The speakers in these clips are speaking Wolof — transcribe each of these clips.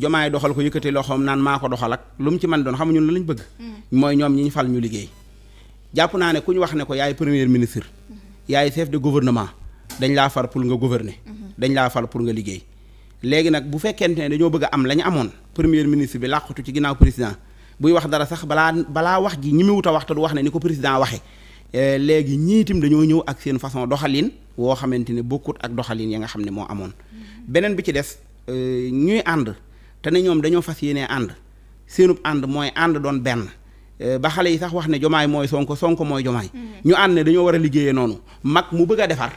jomaay doxal ko yëkkati loxoom naan maa ko doxal ak lu mu ci mën doon xam ñun la lañ bëgg mooy ñoom ñi ñu fal ñu liggéey jàpp naa ne ku ñu wax ne ko yaay premier ministre yaay chef de gouvernement dañ laa far pour nga gouverner dañ laa far pour nga liggéey léegi nag bu fekkent ne dañoo bëgg am la ñu amoon premier ministre bi làqutu ci ginnaaw président buy wax dara sax balaa balaa wax ji ñi mu wut a wax te du wax ne ni ko président waxe eh, léegi ñii itam dañoo ñëw ak seen façon doxalin woo xamante ne bokkut ak doxalin ya nga xam ne moo amoon mm-hmm. beneen bi ci des Euh, ñuy ànd te ne ñoom dañoo fas yéenee ànd seenub ànd mooy ànd doon benn euh, ba xale yi sax wax ne jomaay mooy sonko sonko mooy jomaay mm-hmm. ñu ànd ne dañoo war a liggéeye noonu mag mu bëgg a defar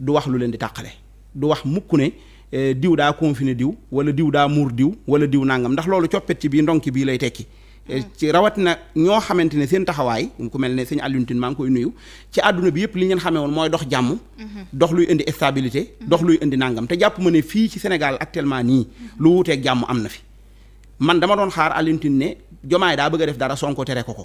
du wax lu leen di tàqale du wax mukk ne euh, diw daa confiné diw wala diw daa muur diw wala diw nangam ndax loolu coppet ci bii ndonki bii lay tekki Eh, ci rawat na ñoo xamante ne seen taxawaay ku mel ne sëñ Alioune Tine maa ngi koy nuyu ci àdduna bi yëpp li ngeen xamee woon mooy dox jàmm mhm. dox luy indi stabilité mhm. dox luy indi nangam te jàpp ma ne fii ci Sénégal actuellement nii mhm. lu wuuteeg jàmm am na fi man dama doon xaar Alioune ne jomaay daa bëgg a def dara Sonko tere ko ko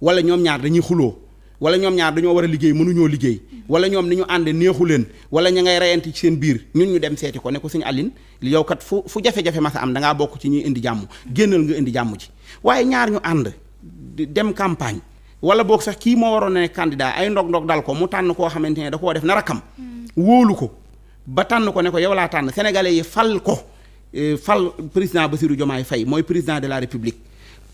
wala ñoom ñaar dañuy xuloo wala ñoom ñaar dañoo war a liggéey mënuñoo liggéey wala ñoom ni ñu ànd neexu leen wala ña ngay reyante ci seen biir ñu ñu dem seeti ko ne ko suñu àllin yow kat fu fu jafe-jafe masa am da ngaa bokk ci ñuy indi jàmm génnal nga indi jàmm ci waaye ñaar ñu ànd dem campagne wala boog sax kii moo waroon ne candidat ay ndog ndog dal ko mu tànn koo xamante ne da koo def na rakam hmm. wóolu ko ba tànn ko ne ko yow laa tànn sénégalais yi fal ko e, fal président Bassirou Diomaye Faye mooy président de la république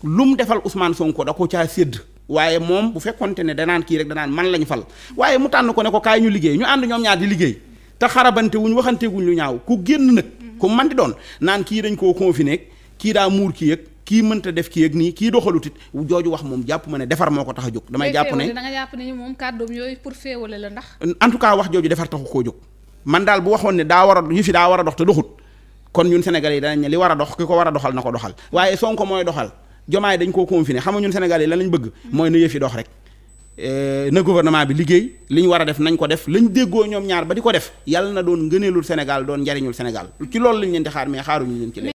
lu mu defal Ousmane Sonko da ko caa sédd waaye moom bu fekkonte ne danaan kii rek danaan man lañ fal waaye mu tànn ko ne ko kaay ñu liggéey ñu ànd ñoom ñaar di liggéey te xarabante wuñ waxanteeguñ lu ñaaw ku génn nag ku man di doon naan kii dañ koo confiné kii daa muur kii ak kii mënta def kii ak nii kii doxalutit jooju wax moom jàpp ma ne defar moo ko tax a damay jàpp ne da nga jàpp ne moom kàddoom yooyu en tout cas wax jooju defar taxu koo jóg man daal bu waxoon ne daa war a ñu fi daa war a dox te doxut kon ñun sénégalais yi danañ li war a dox ki ko war a doxal na ko doxal waaye Sonko mooy doxal jomaay dañ koo confiné xam nga ñun Sénégal yi lan lañ bëgg mooy na yëf dox rek eh, na gouvernement bi liggéey li ñu war a def nañ ko def lañ déggoo ñoom ñaar ba di ko def yàlla na doon ngëneelul senegal doon njariñul Sénégal ci lool lañ leen di xaar mais xaaruñu leen ci léegi